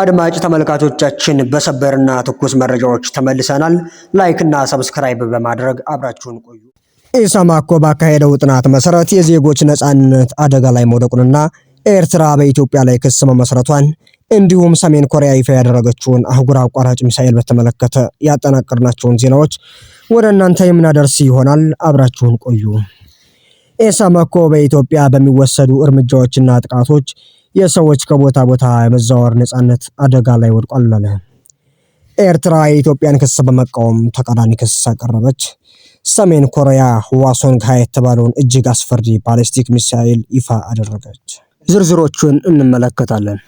አድማጭ ተመልካቾቻችን በሰበርና ትኩስ መረጃዎች ተመልሰናል። ላይክና ሰብስክራይብ በማድረግ አብራችሁን ቆዩ። ኢሰማኮ ባካሄደው ጥናት መሰረት የዜጎች ነጻነት አደጋ ላይ መውደቁንና ኤርትራ በኢትዮጵያ ላይ ክስ መመስረቷን እንዲሁም ሰሜን ኮሪያ ይፋ ያደረገችውን አህጉር አቋራጭ ሚሳኤል በተመለከተ ያጠናቀርናቸውን ዜናዎች ወደ እናንተ የምናደርስ ይሆናል። አብራችሁን ቆዩ። ኢሰማኮ በኢትዮጵያ በሚወሰዱ እርምጃዎችና ጥቃቶች የሰዎች ከቦታ ቦታ የመዛወር ነጻነት አደጋ ላይ ወድቋል አለ። ኤርትራ የኢትዮጵያን ክስ በመቃወም ተቃራኒ ክስ አቀረበች። ሰሜን ኮሪያ ዋሶንግሃይ የተባለውን እጅግ አስፈሪ ባሊስቲክ ሚሳኤል ይፋ አደረገች። ዝርዝሮቹን እንመለከታለን።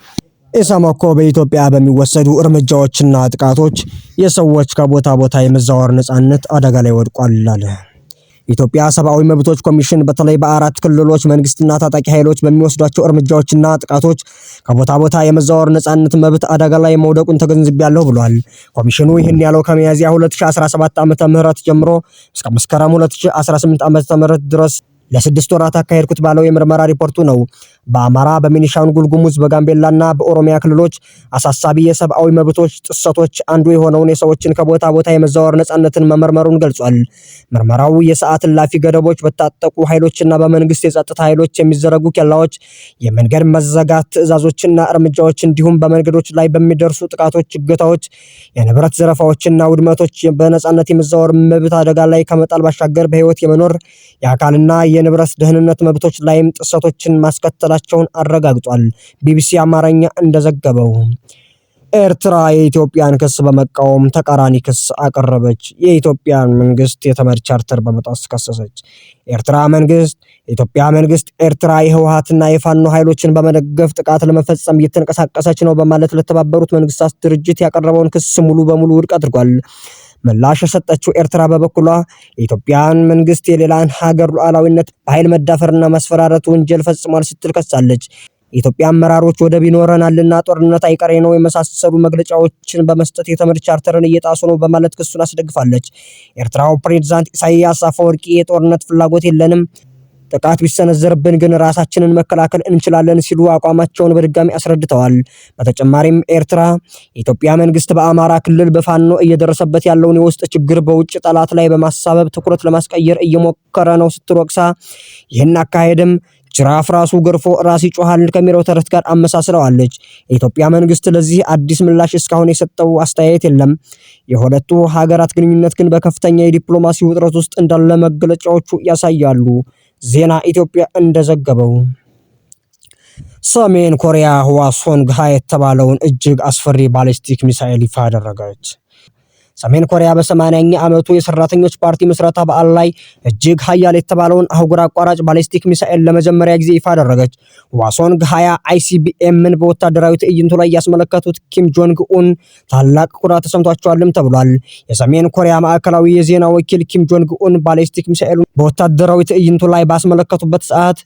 ኢሰመኮ በኢትዮጵያ በሚወሰዱ እርምጃዎችና ጥቃቶች የሰዎች ከቦታ ቦታ የመዛወር ነጻነት አደጋ ላይ ወድቋል አለ። የኢትዮጵያ ሰብአዊ መብቶች ኮሚሽን በተለይ በአራት ክልሎች መንግስትና ታጣቂ ኃይሎች በሚወስዷቸው እርምጃዎችና ጥቃቶች ከቦታ ቦታ የመዛወር ነጻነት መብት አደጋ ላይ መውደቁን ተገንዝቤያለሁ ብሏል። ኮሚሽኑ ይህን ያለው ከሚያዝያ 2017 ዓ ም ጀምሮ እስከ መስከረም 2018 ዓ. ም ድረስ ለስድስት ወራት አካሄድኩት ባለው የምርመራ ሪፖርቱ ነው። በአማራ በቤኒሻንጉል ጉሙዝ በጋምቤላና በኦሮሚያ ክልሎች አሳሳቢ የሰብአዊ መብቶች ጥሰቶች አንዱ የሆነውን የሰዎችን ከቦታ ቦታ የመዛወር ነጻነትን መመርመሩን ገልጿል። ምርመራው የሰዓት እላፊ ገደቦች፣ በታጠቁ ኃይሎችና በመንግስት የጸጥታ ኃይሎች የሚዘረጉ ኬላዎች፣ የመንገድ መዘጋት ትዕዛዞችና እርምጃዎች እንዲሁም በመንገዶች ላይ በሚደርሱ ጥቃቶች፣ እገታዎች፣ የንብረት ዘረፋዎችና ውድመቶች በነጻነት የመዛወር መብት አደጋ ላይ ከመጣል ባሻገር በህይወት የመኖር የአካልና የንብረት ደህንነት መብቶች ላይም ጥሰቶችን ማስከተል መቀጠላቸውን አረጋግጧል። ቢቢሲ አማርኛ እንደዘገበው ኤርትራ የኢትዮጵያን ክስ በመቃወም ተቃራኒ ክስ አቀረበች። የኢትዮጵያን መንግስት የተመድ ቻርተር በመጣስ ከሰሰች። ኤርትራ መንግስት የኢትዮጵያ መንግስት ኤርትራ የህወሀትና የፋኖ ኃይሎችን በመደገፍ ጥቃት ለመፈጸም እየተንቀሳቀሰች ነው በማለት ለተባበሩት መንግስታት ድርጅት ያቀረበውን ክስ ሙሉ በሙሉ ውድቅ አድርጓል። ምላሽ የሰጠችው ኤርትራ በበኩሏ የኢትዮጵያን መንግስት የሌላን ሀገር ሉዓላዊነት በኃይል መዳፈርና ማስፈራረት ወንጀል ፈጽሟል ስትል ከሳለች። የኢትዮጵያ አመራሮች ወደብ ይኖረናልና ጦርነት አይቀሬ ነው የመሳሰሉ መግለጫዎችን በመስጠት የተመድ ቻርተርን እየጣሱ ነው በማለት ክሱን አስደግፋለች። ኤርትራው ፕሬዝዳንት ኢሳያስ አፈወርቂ የጦርነት ፍላጎት የለንም ጥቃት ቢሰነዘርብን ግን ራሳችንን መከላከል እንችላለን ሲሉ አቋማቸውን በድጋሚ አስረድተዋል። በተጨማሪም ኤርትራ የኢትዮጵያ መንግስት በአማራ ክልል በፋኖ እየደረሰበት ያለውን የውስጥ ችግር በውጭ ጠላት ላይ በማሳበብ ትኩረት ለማስቀየር እየሞከረ ነው ስትል ወቅሳ ይህን አካሄድም ጅራፍ ራሱ ገርፎ ራስ ይጮሃል ከሚለው ተረት ጋር አመሳስለዋለች። የኢትዮጵያ መንግስት ለዚህ አዲስ ምላሽ እስካሁን የሰጠው አስተያየት የለም። የሁለቱ ሀገራት ግንኙነት ግን በከፍተኛ የዲፕሎማሲ ውጥረት ውስጥ እንዳለ መገለጫዎቹ ያሳያሉ። ዜና ኢትዮጵያ እንደዘገበው ሰሜን ኮሪያ ህዋሶንግሃ የተባለውን እጅግ አስፈሪ ባሊስቲክ ሚሳኤል ይፋ አደረገች። ሰሜን ኮሪያ በሰማንያኛ ዓመቱ የሰራተኞች ፓርቲ ምስረታ በዓል ላይ እጅግ ሀያል የተባለውን አህጉር አቋራጭ ባሊስቲክ ሚሳኤል ለመጀመሪያ ጊዜ ይፋ አደረገች። ዋሶንግ 20 አይሲቢኤምን በወታደራዊ ትዕይንቱ ላይ ያስመለከቱት ኪም ጆንግ ኡን ታላቅ ኩራት ተሰምቷቸዋልም ተብሏል። የሰሜን ኮሪያ ማዕከላዊ የዜና ወኪል ኪም ጆንግ ኡን ባሊስቲክ ሚሳኤሉን በወታደራዊ ትዕይንቱ ላይ ባስመለከቱበት ሰዓት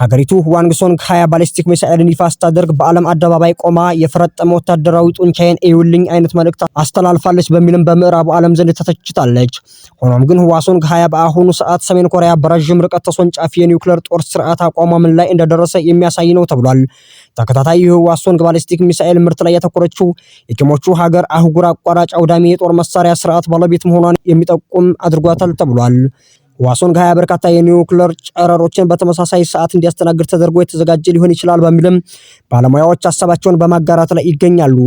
ሀገሪቱ ዋንግሶንግ ሀያ ባሊስቲክ ሚሳኤልን ይፋ ስታደርግ በዓለም አደባባይ ቆማ የፈረጠመ ወታደራዊ ጡንቻዬን እዩልኝ አይነት መልእክት አስተላልፋለች በሚልም በምዕራቡ ዓለም ዘንድ ተተችታለች። ሆኖም ግን ዋሶንግ ሀያ በአሁኑ ሰዓት ሰሜን ኮሪያ በረዥም ርቀት ተሶንጫፊ የኒውክሌር ጦር ስርዓት አቋሟ ምን ላይ እንደደረሰ የሚያሳይ ነው ተብሏል። ተከታታይ የህዋሶንግ ባሊስቲክ ሚሳኤል ምርት ላይ ያተኮረችው የኪሞቹ ሀገር አህጉር አቋራጭ አውዳሚ የጦር መሳሪያ ስርዓት ባለቤት መሆኗን የሚጠቁም አድርጓታል ተብሏል። ዋሶን ከሀያ በርካታ የኒውክለር ጨረሮችን በተመሳሳይ ሰዓት እንዲያስተናግድ ተደርጎ የተዘጋጀ ሊሆን ይችላል በሚልም ባለሙያዎች ሀሳባቸውን በማጋራት ላይ ይገኛሉ።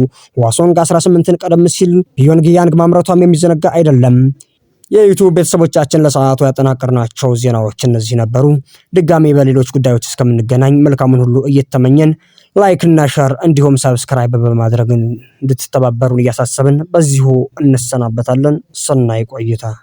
ዋሶን 18 ን ቀደም ሲል ፒዮንግያንግ ማምረቷም የሚዘነጋ አይደለም። የዩቱብ ቤተሰቦቻችን ለሰዓቱ ያጠናቀርናቸው ዜናዎች እነዚህ ነበሩ። ድጋሚ በሌሎች ጉዳዮች እስከምንገናኝ መልካሙን ሁሉ እየተመኘን ላይክና ሸር እንዲሁም ሰብስክራይብ በማድረግ እንድትተባበሩን እያሳሰብን በዚሁ እንሰናበታለን። ሰናይ ቆይታ